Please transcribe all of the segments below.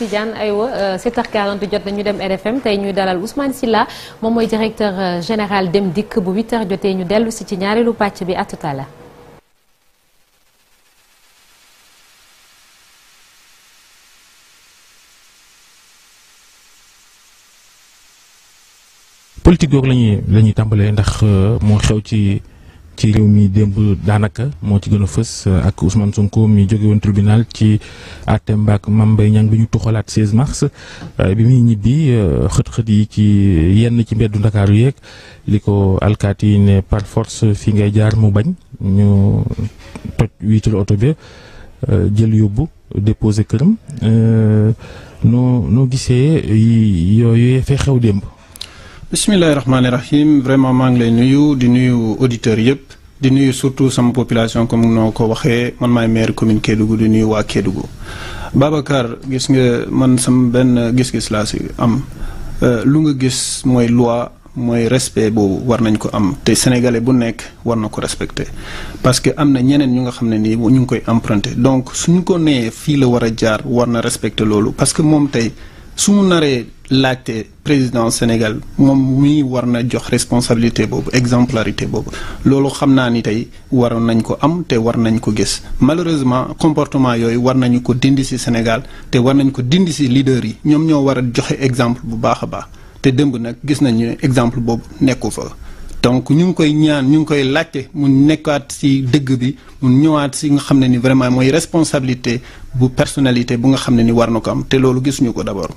Tidiane aywa 7h40 euh, jot dem RFM ñuy Ousmane Silla. mon directeur euh, général de Dikk 8h ñu l'heure politique de lañuy lañuy tambalé ndax euh, ci réew mi démb daanaka moo ci gën a fës euh, ak Ousmane Sonko mi jóge woon tribunal ci àtteem ak Mame Mbaye Niang bi ñu tuxalaat mars euh, bi muy ñibbi euh, xët-xët yi ci yenn ci mbeddu Ndakaaru yeeg li ko alkaati ne par force fi ngay jaar mu bañ ñu toj wiital oto bi jël yóbbu déposé këram noo noo gisee yooyu fee xew démb bisimilahi rahmaani rahim vraiment mang ngi lay nuyu di nuyu auditeur yep di nuyu surtout sama population comme noo ko waxee man maay maire commune Kédougou di nuyu waa Kédougou Babacar gis nga man sama benn gis-gis laa si am euh, lu nga gis mooy loi mooy respect boobu war nañ ko am te sénégalais bu nekk war na ko respecté parce que am na ñeneen ñu nga xam ne ñu ngi koy emprunté donc suñu ko nee fii la war jaar war na respecté loolu parce que mom tey su mu naree laajte président Sénégal moom muy war na jox responsabilité boobu exemplarité boobu loolu xam naa ni tey waroon nañ ko am te war nañ ko gis malheureusement comportement yooyu war nañu ko dindi ci Sénégal te war nañ ko dindi ci leader yi ñoom ñoo war a joxe exemple bu baax a baax te dëmb nag gis nañu exemple boobu nekku fa donc ñu ngi koy ñaan ñu ngi koy laajte mu nekkaat ci dëgg bi mu ñëwaat ci nga xam ne ni vraiment mooy responsabilité bu personnalité bu nga xam ne ni war na ko am te loolu gisuñu ko d'abord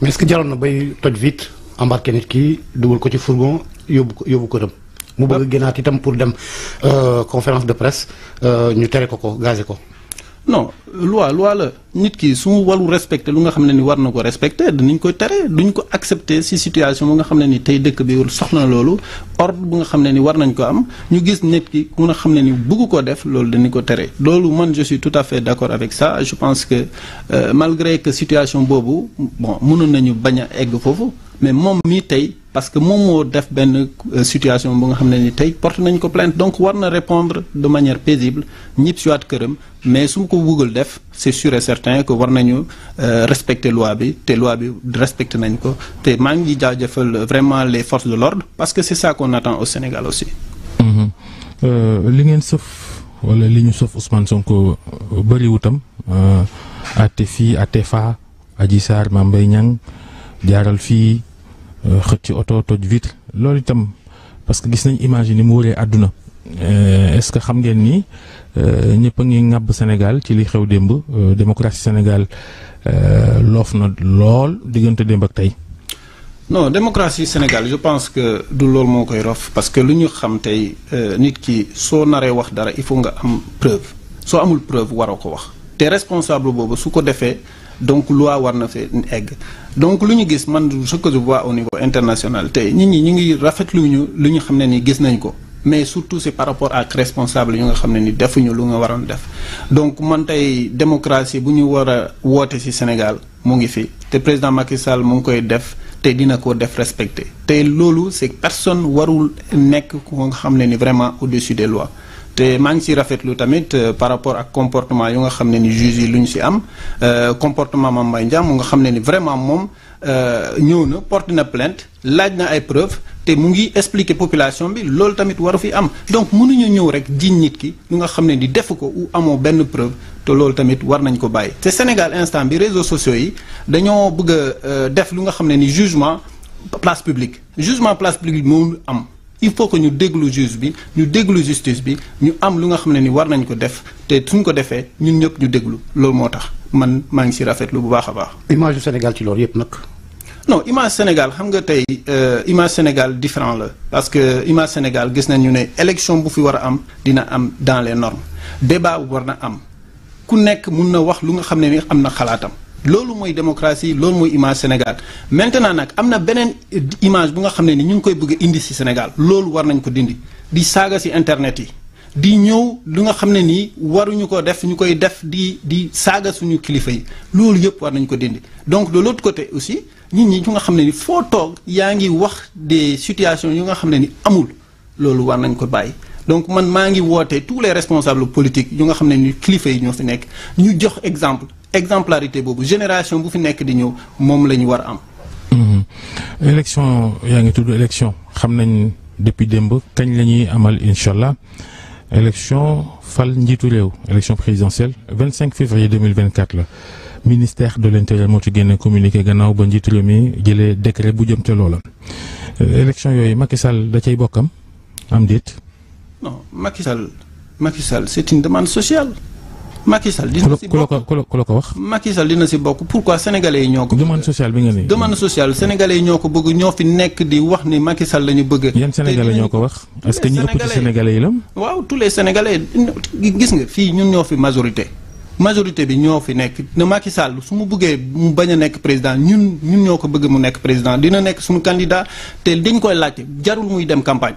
mais est-ce que jaroon na bay toj vite embarqué nit kii dugal ko ci fourgon yóbbu ko yóbbu ko dem. mu bëgg génnaat itam pour dem euh, conférence de presse euh, ñu tere ko ko gazé ko. non loi loi la nit ki su walu respecter lu nga xamné ni war na ko respecté dinañ ko téré duñ ko accepté ci situation bu nga xamné ni tay dëkk bi soxna lolu ordre bu nga xamné ni war nañ ko am ñu gis nit ki ku nga ni bëgg ko def loolu dañu ko téré lolu man je suis tout à fait d'accord avec ça je pense que euh, malgré que situation bobu bon mënoon nañu baña egg fofu mais moom mii tey parce que moom moo def benn euh, situation bu nga xam ne ni tey porte nañ ko plainte donc war na répondre de manière paisible ñib siwaat këram mais su ko bëggul def c'est sûr et certain que war nañu euh, respecter loi bi te loi bi respecté nañ ko te maa ngi jaajëfal vraiment les forces de l'ordre parce que c'est ça qu'on attend au Sénégal aussi mhm. euh, li ngeen sëf wala li ñu sëf Ousmane Sonko bëriwutam àtte fii àtte faa Adji Sarr Mame Niang jaaral fii xëcc oto toj vitre loolu parce que gis nañ image à ni mu wëree euh, est-ce que xam ngeen ni euh, ñëpp a ngi ŋàbb Sénégal ci li xew démb euh, démocratie Sénégal loof na lool diggante démb ak tey. non démocratie Sénégal je pense que du loolu moo koy rof parce que lu ñu xam tey nit ki soo naree wax dara il faut nga am preuve soo amul preuve waroo ko wax te responsable boobu su ko defee donc loi warna na egg donc luñu gis man ce que je vois au niveau international tay nit ñi ñi ngi rafetlu luñu lu ne ni gis nañ ko mais surtout c'est par rapport à responsable yu nga xamné ni defuñu lu nga waron def donc man tay démocratie buñu wara war ci Sénégal mo ngi fi te président Macky Sall mo ngi koy def te dina ko def respecté te lolu c'est personne warul nek ko nga xamné ni vraiment au-dessus des lois té maa ci si rafetlu tamit euh, par rapport ak comportement yu nga xamné ni juge yi lu ñu si am euh, comportement Mame Mbaye Ndiam nga xamné ni vraiment moom euh, ñëw na porte na plainte laaj na ay preuves té mu ngi expliquer population bi lool tamit waru fi am donc ñu ñëw rek jiñ nit ki nga xamné ni def ko ou amo benn preuve té lool tamit war nañ ko bay té Sénégal instant bi réseaux sociaux yi dañoo bëgg a def lu nga xamné ni jugement place publique jugement place publique mo am il faut que ñu déglu juge bi ñu déglu justice bi ñu am lu nga xamné ni war nañ ko def te suñ ko défé ñun ñëpp ñu déglu lool motax man ma ngi rafet lu bu baaxa baax. image Sénégal ci lool yëpp nak non image Sénégal xam nga euh, image Sénégal différent la parce que image Sénégal gis ñu ne élection bu fi wara am dina am dans les normes débat war na am ku nekk mën na wax lu nga xamné ni am na xalaatam lolu moy démocratie lolu moy image Sénégal maintenant nak amna benen image bu nga xamné ni ñu ngi koy bëgg indi si Sénégal lolu war nañ ko dindi di saga ci internet yi di ñëw lu nga xamné ni waruñu ko def ñu koy def di di saga suñu kilifa yi loolu yëpp war nañ ko dindi donc de l'autre côté aussi nit ñi ñu nga xamné ne ni foo toog wax des situations yu nga xamné ni amul lolu war nañ ko bàyyi donc man maa ngi woote tous les responsables politiques yu nga xam ne ni kilifa yi ñoo fi nekk ñu jox exemple exemplarité bobu génération bu fi nek di ñëw mom lañu war am. Mhm. élection yaa ngi tudd élection xamnañ depuis demb kañ lañuy amal inshallah. élection fal njiitu rew élection présidentielle 25 février 2024 la ministère de l'Intérieur intérieur moo ci au communiqué gannaaw ba njiitu rew mi jëlee décret bu jëm te loolam euh, élection yoy Macky Sall da cey bokkam am déet. non Macky Sall Macky Sall une demande sociale. Macky Sall dina si bokk ku wax. Macky Sall dina si bokk pourquoi sénégalais yi ñoo ko. demande sociale bi nga ne. demande sociale sénégalais yi ñoo ko bëgg ñoo fi nekk di wax ni Macky Sall la ñu bëgg. yan sénégalais ñoo ko wax est-ce que ñu ëpp ci sénégalais yi la. waaw tous les sénégalais gis nga fii ñun ñoo fi majorité. majorité bi ñoo fi nekk ne Macky Sall su mu bëggee mu bañ a nekk président ñun ñun ñoo ko bëgg mu nekk président dina nekk suñu candidat te dañ koy laajte jarul muy dem campagne.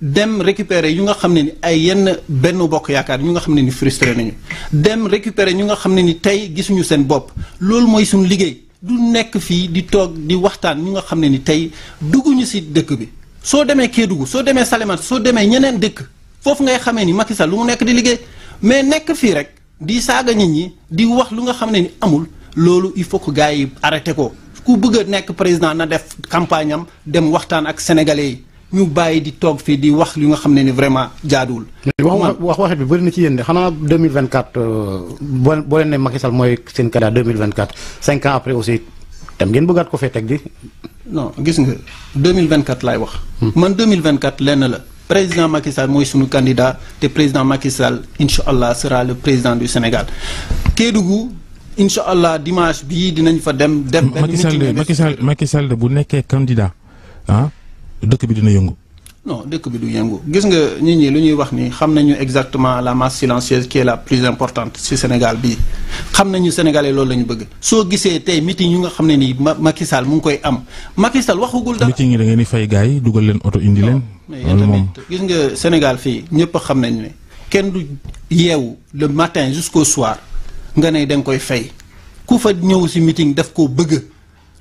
dem récupérer yu nga xam ne ni ay yenn benn bokk yaakaar ñu nga xam ne ni frustré nañu dem récupérer ñu nga xam ne ni tey gisuñu seen bopp loolu mooy suñu liggéey du nekk fii di toog di waxtaan ñu nga xam ne ni tey dugguñu si dëkk bi soo demee Kédougou soo demee Salémata soo demee ñeneen dëkk foofu ngay xamee ni Macky Sall lu mu nekk di liggéey mais nekk fii rek di saaga nit ñi di wax lu nga xam ne ni amul loolu il faut que gars yi arrêté ko ku bëgg a nekk président na def campagne am dem waxtaan ak sénégalais yi ñu bàyyi di toog fii di wax li nga xam ni vraiment jaaduwul. wax wax waxet bi bëri na ci yéen de xanaa 2024 euh, boo boo leen ne Macky Sall mooy seen candidat 2024 cinq ans après aussi tam ngeen bëggaat ko fee teg di. non gis nga 2024 laay wax. Hmm. man 2024 lenn la. président Macky Sall mooy sunu candidat te président Macky Sall incha sera le président du Sénégal Kédougou incha allah dimanche bii dinañ fa dem. dem benn meeting Macky Sall Macky Sall bu nekkee candidat hein, dëkk bi dina yëngu. non dëkk bi du yëngu gis nga nit ñi lu ñuy wax ni xam nañu exactement la masse silencieuse qui la plus importante ci Sénégal bi xam na nañu Sénégalais loolu la ñu bëgg soo gisee tey meeting yu nga xam ne nii Macky Sall mu ngi koy am Macky Sall waxugul dara. meeting yi da ngeen di fay gars yi dugal leen oto indi leen. loolu moom gis nga Sénégal fii ñëpp xam nañu ne kenn du yeewu le matin jusqu'au soir nga ne da nga koy fay ku fa ñëw ci meeting daf koo bëgg.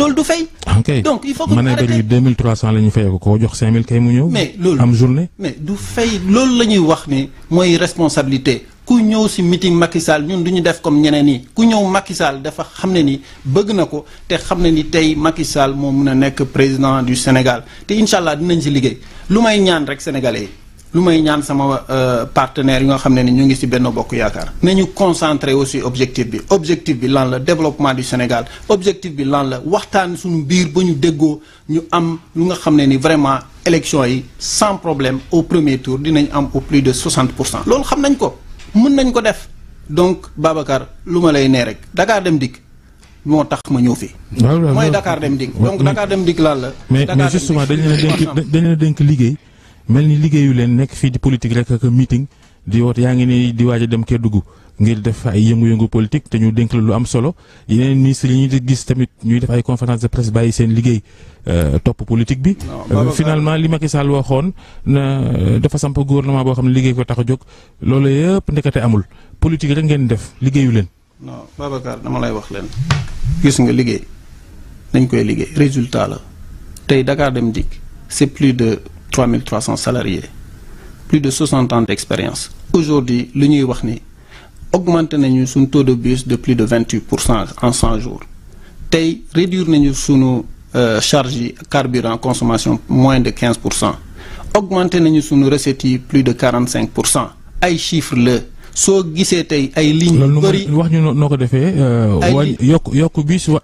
loolu du fay. Ah, donc il faut que ma ne 2300 lañu ñu ko jox 5000 kay mu ñëw. mais am journée. mais du fay loolu lañuy wax ni moy responsabilité ku ñëw ci meeting Macky Sall ñun duñu def comme ñeneen ni ku ñëw Macky Sall dafa xamné ni bëgg na ko te ni tey Macky Sall mo mëna nekk président du Sénégal te inshallah dinañ ci liggéey lumay ñaan rek sénégalais yi lu may ñaan sama euh, partenaire yi nga xam ni ñu ngi ci benn bokk yaakaar nañu concentré aussi objectif bi objectif bi lan la développement du Sénégal objectif bi lan la waxtaan suñu biir ba ñu ñu am lu nga xamné ni vraiment élection yi sans problème au premier tour dinañ am au plus de 60 pour cent loolu xam nañ ko mën nañ ko def donc Babacar luma lay né rek Dakar dem dik, moo tax ma ñëw fi mooy Dakar dem dik. donc Dakar dem dik lan la mais justement dañ leen dénk dañ leen dénk liggéey mel ni liggéeyu len nek fi di politique rek ak meeting di wot yaangi ni di waaj dem dem duggu ngir def ay yëngu-yëngu politique te ñu dénk lu am solo yeneen ministre ñi di gis tamit ñuy def ay conférence de presse seen liggéey euh, top politique bi. Euh, finalement li Macky Sall waxoon na euh, dafa samp gouvernement boo xam ne liggéey ko tax a jóg loolu yëpp amul politique rek ngeen def liggéeyu leen. non Babacar dama lay wax leen gis nga liggéey nañ koy liggéey résultat la tey Dakar dem dik, c'est plus de. 3300 salariés plus de 60 ans d'expérience aujourd'hui l'Union ñuy augmente ni taux de bus de plus de 28 en 100 jours Tay réduire nañu sunu euh, charge carburant consommation moins de 15 Augmenter nos nañu recettes plus de 45 Aïe chiffre le... soo gisee tey ay lignes. yu bëri loolu wax ñu noo ko defee. Euh, ay yokk yokk bis wa.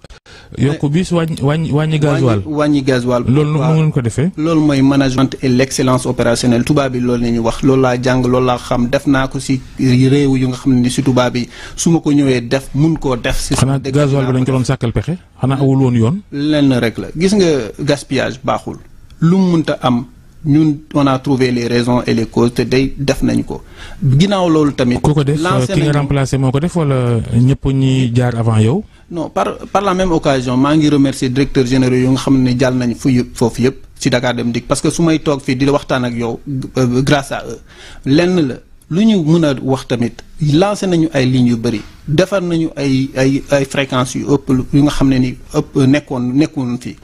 yokk bis wàññi wàññi gasoil. wàññi gasoil. loolu nu ngeen ko defee. loolu mooy management et l' excellence opérationnelle tubaab bi loolu la ñuy wax loolu laa jàng loolu laa xam def naa ko si réew yu nga xam ne si tubaab bi su ma ko ñëwee def mun koo def. si xanaa gasoil bi dañ ko doon sàkkal pexe xanaa awul woon yoon. lenn rek la gis nga gaspillage baaxul lu mu munta am. Nous on a trouvé les raisons et les causes de def nañ ko ginaaw lolou tamit. ku ko def euh, ki remplacé moo def wala ñepp ñi jaar avant yow. non par par la même occasion ma ngi remercier directeur général yu nga xamné ne nañ fu fofu foofu ci Dakar Dem dik parce que sumay tok fi di la waxtaan ak yow euh, euh, grâce à eux lenn la lu ñu mën wax tamit lancé nañu ay lignes yu bari defar nañu ay ay ay fréquences yu ëpp yu nga xamné ni ëpp nekkoon nekkoon fi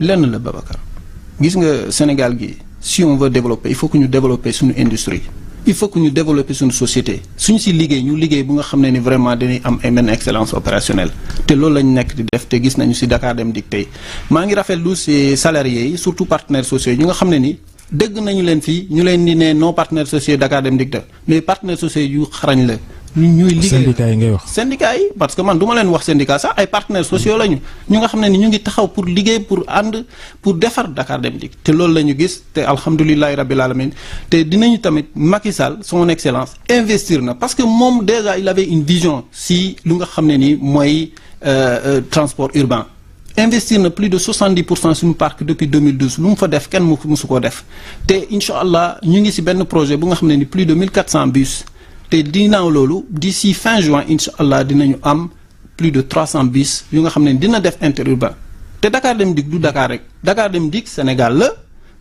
lenn la Babacar gis nga Sénégal gi si on veut développer il faut que nous développer suñu industrie il faut que nous développer suñu société suñ si liggéey ñu liggéey bu nga xam ne ni vraiment dañuy am ay excellence opérationnelle C'est loolu lañ nekk di def te gis nañu si Dakar dem dik tey maa ngi rafetlu si salariés yi surtout partenaires sociaux ñu nga xam ne ni dégg nañu leen fii ñu leen di ne non partenaires sociaux Dakar dem dik mais partenaires sociaux yu xarañ la ñun ñooy syndicat parce que man duma wax syndicat sax ay partenaires sociaux lañu ñu nga ni pour pour and pour Dakar Dem gis alamin dinañu tamit Macky son excellence investir na parce que mom déjà il avait une vision si lu nga euh, euh, transport urbain. investir na plus de 70 sur parc depuis 2012 lu mu fa def mu def projet bu nga ni plus de 1400 bus te dinaaw d'ici fin juin Inch'Allah, allah dinañu am plus de 300 bus. yu nga xam dina def interurbain te Dakar Dem dik du Dakar rek Dakar Dem dik Sénégal la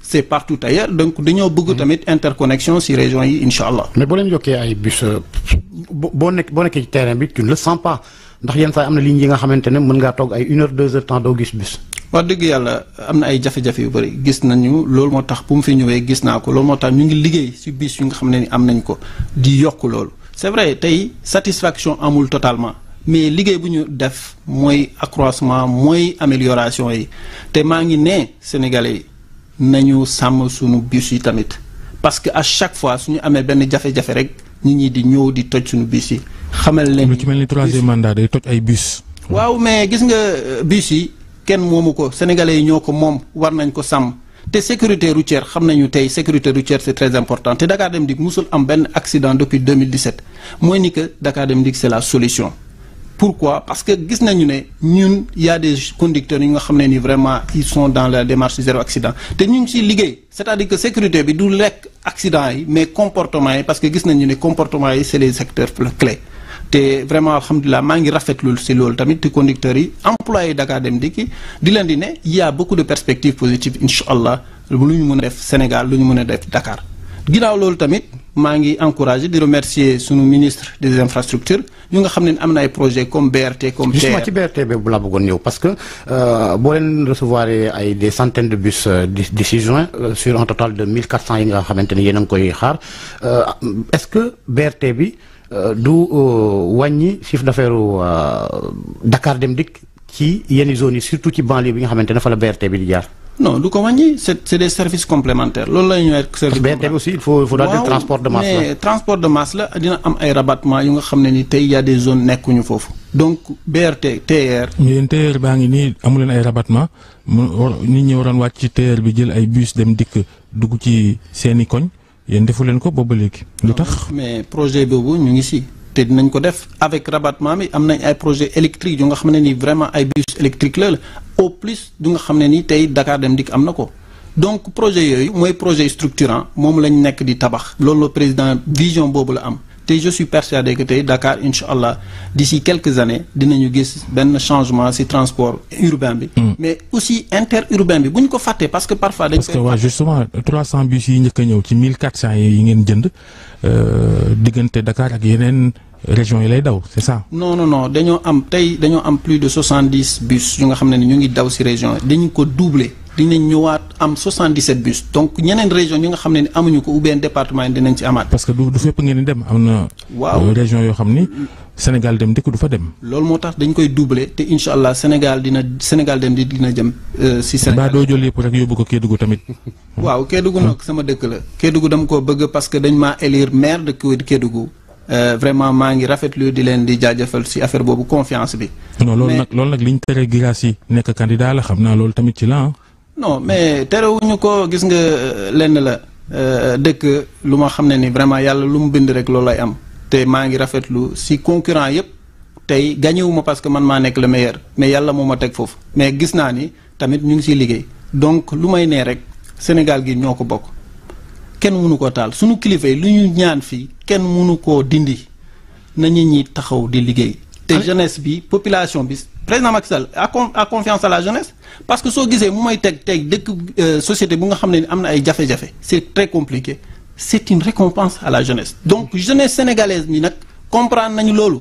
c'est partout ailleurs donc dañu bëgg tamit interconnexion ci région yi incha mais boo leen yokkee ay bus euh, bo nek bo nek ci terrain bi tu ne le sens pas ndax yeen saa am na ligne yi nga xamante ne mën ngaa toog ay une heure deux heures temps doo gis bus. wax dëgg yàlla am na ay jafe-jafe yu bëri gis nañu loolu moo tax bu mu fi ñëwee gis naa ko loolu moo tax ñu ngi liggéey si bis yu nga xam ne ni am nañ ko di yokk loolu. c'est vrai tey satisfaction amul totalement mais liggéey bu ñu def mooy accroissement mooy amélioration yi te maa ngi ne Sénégalais yi nañu sàmm suñu bus yi tamit parce que à chaque fois suñu amee benn jafe-jafe rek nit ñi di ñëw di toj suñu bus yi xamal leen. ci melni 3 troisième mandat day toj ay bus. waaw mais gis nga euh, bus yi kenn moomu ko sénégalais yi ñoo war nañ ko sam té sécurité routière xam nañu la sécurité routière c'est très important té Dakar Dem dik musul am benn accident depuis 2017 moy ni que Dakar Dem que c'est la solution. pourquoi parce que gis nañu né ñun y a des conducteurs yi nga ni vraiment ils sont dans la démarche zéro accident té ñu ci c'est-à-dire que sécurité bi du lek accident yi mais comportement yi parce que gis nañu né comportement yi c'est les secteurs clés té vraiment la ma ngi rafetlu ci lool tamit té conducteur yi employé Dakar Dem Dikk di lan di né il y a beaucoup de perspectives positives inchallah le lu ñu def Sénégal lu ñu def Dakar ginaaw lool tamit ma ngi encouragé di remercier sunu ministre des infrastructures ñu nga amené un ay projet comme BRT comme. TER justement ci BRT bu parce que vous euh, len recevoir ay des centaines de bus euh, d'ici juin euh, sur un total de 1400 yi nga xamante ni yéen est-ce que BRT bi. Euh, du euh, wàññi chiffre d'affaires euh, Dakar Dem Dikk ci yenn zone surtout ci banlieue bi nga xamantene ne fa la BRT bi di jaar. non du ko wàññi c'est c'est des services complémentaires loolu la ñuy wax service BRT aussi il faut il faut daal transport de masse la mais transport de masse la dina am ay rabattement yu nga xam ne ni tey y a des zones nekkuñu fofu donc BRT TR ñu yéen TER baa ngi nii amu ay rabattement nit ñi waroon wacc ci TR bi jël ay bus dem dik dugg ci seeni koñ yéen defu leen ko boobu léegi lu mais projet boobu ñu ngi si te dinañ ko def avec rabattement bi am nañ ay projet électrique yu nga xam ne ni vraiment ay bus électrique la au plus du nga xam ni tey Dakar Dem Dikk am ko donc projet yooyu mooy projet structurant moom lañ nekk di tabax loolu président vision boobu la am je suis persuadé que Dakar Inch'Allah, d'ici quelques années dinañu gis changement ci transport urbain hmm. mais aussi interurbain bi ne parce que parfois. parce que justement 300 bus yi a ñëw ci 1400 yi ngeen jënd euh, Dakar région c'est ça. non non non Nous plus de 70 bus yu nga région dinañ ñëwaat am 77 bus donc ñeneen région ñi nga xam ne ni amuñu ko ou bien département yi dinañ ci amaat. parce que du du fépp ngeen di dem am na. waaw euh, région yoo xam ni. Sénégal dem dëkk du fa dem. loolu moo tax dañ koy doubler te incha allah Sénégal dina Sénégal dem di dina jëm. Euh, si Sénégal baa doo yóbbu ko Kédougou tamit. waaw Kédougou nag sama dëkk la. Kédougou dama koo bëgg parce que dañ maa élire maire de Kédougou. Euh, vraiment maa ngi rafetlu di leen di jaajëfal si affaire boobu confiance bi. non loolu nag loolu nag liñ tere grâce yi nekk candidat la xam naa loolu tamit ci la non mais terewuñu ko gis nga euh, lenn la euh, dëkk lu ma xam ne ni vraiment yàlla lu mu bind rek loolu lay am te maa ngi rafetlu si concurrent yëpp tey gañewu ma parce que man maa nekk le meilleur ne yàlla moo ma teg foofu mais gis naa ni tamit ñu ngi siy liggéey donc lu may nee rek Sénégal gi ñoo ko bokk kenn mënu ko taal suñu kilifa yi lu ñu ñaan fii kenn mënu koo dindi nañu ñi taxaw di liggéey te jeunesse bi population bi président Macky Sall a confiance à la jeunesse parce que so gisee mu may teg teg dëkk euh, société bu nga xamné amna ay jafé jafé c'est très compliqué c'est une récompense à la jeunesse donc jeunesse sénégalaise bi nak comprendre nañu lolu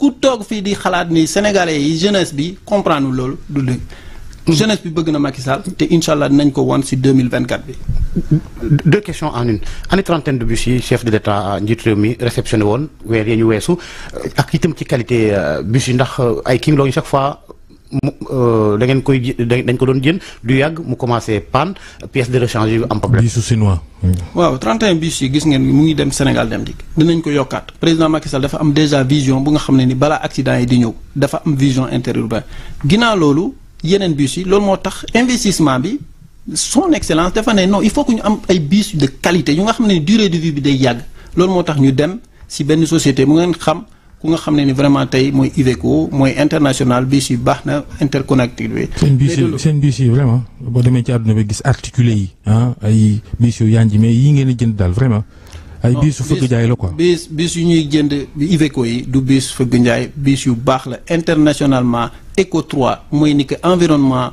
ku tok fi di xalaat ni sénégalais yi jeunesse bi comprendre lolu du dëgg jeunesse bi bëgg na Macky Sall té inshallah allah dinañ ko won ci 2024 bi deux questions en une année trentaine de bus yi chef de l'état euh, njiitu réew mi réceptionné woon weer yee weesu euh, ak itam ci qualité euh, bus yi ndax ay king loo chaque fois mu da ngeen koy dañ ko doon jën du yàgg mu commencé panne pièce de rechange yi am problème. bisu chinois. waaw 31 bus yi gis ngeen mu ngi dem Sénégal dem dikk dinañ ko yokkaat président Macky Sall dafa am déjà vision bu nga xam ne ni balaa accident yi di ñëw dafa am vision interurbain ginnaaw loolu yeneen bus yi moo tax investissement bi. son excellence dafa non il faut que ñu am ay bus de qualité yu nga xamné durée de vie bi day yag lool motax ñu dem ci benn société mu ngeen xam ku nga xamné ni vraiment tay moy Iveco moy international bus yi baxna interconnecté bi. seen bus sen bus vraiment bo demee ci aduna bi gis articulé yi hein ay bus yu yànji mais yii ngeen di jënd daal vraiment. ay bus fu fëgg jaay la quoi bus bus yu ñuy jënd Iveco yi du biis fëgg jaay bus yu bax la internationalement Eco 3 moy ni que environnement.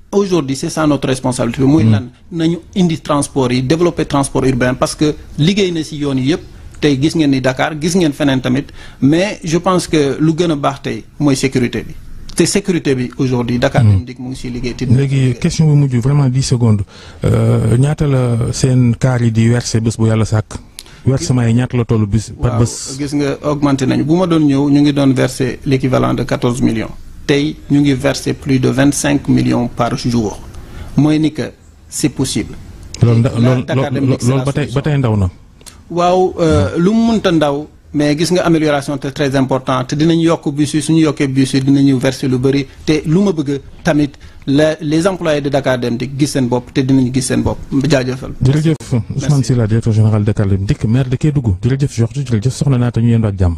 aujourd'hui c'est ça notre responsabilité moy mm. lan nañu indi transport yi développer transport urbain parce que liguey na ci yoon yi yëpp tey gis ngeen ni Dakar gis ngeen fenen tamit mais je pense que lu gëna a baax tey sécurité bi te sécurité bi aujourd'hui Dakar mm. Dem Dikk mu ngi ci liguey te léegi question bu muju vraiment dix secondes euh, ñaata la seen car yi di verser bés bu yalla sak versement yi ñaata la tollu bés pat bés gis nga augmenter nañ buma doon ñu ngi doon verser l'équivalent de 14 millions tey ñu ngi verser plus de 25 millions par jour mooy ni que c'est possible. lool lool ba tey ba tey ndaw na. waaw euh, lu mu mënta ndaw mais gis nga amélioration te très important te dinañ yokk bus yi suñu yokkee bus yi dinañu verser lu bëri te luma bëgg tamit les employés de Dakar Dem Dikk gis sen bop te dinañu gis sen bop jaajëfal. jërëjëf Ousmane Sylla directeur général de Dakar Dem Dikk maire de Kédougou jërëjëf Georges jërëjëf soxna na ta ñu yéen waat jàmm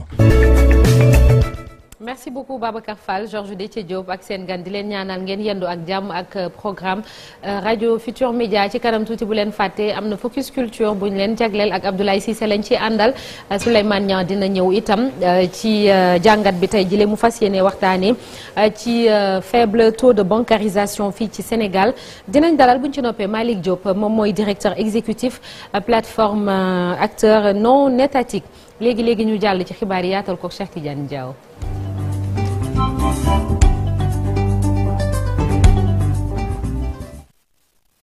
merci beaucoup Babacar Fall Georges Déthié Diop ak Sen gan di ñaanal ngeen yendu ak jamm ak euh, programme euh, Radio Futur Media, ci kanam touti bu len faté amna focus culture buñ len leen ak Abdoulaye Cissé len ci andal euh, Souleymane Niang dina ñew itam ci jangat bi tay jilé mu fas waxtané ci faible taux de bancarisation Fi ci Sénégal dinañ dalal buñ ci noppé Malik Diop mom moy directeur exécutif plateforme acteur non étatique légui légui ñu jall ci xibaar yaatal ko Cheikh Tidiane Diaw Música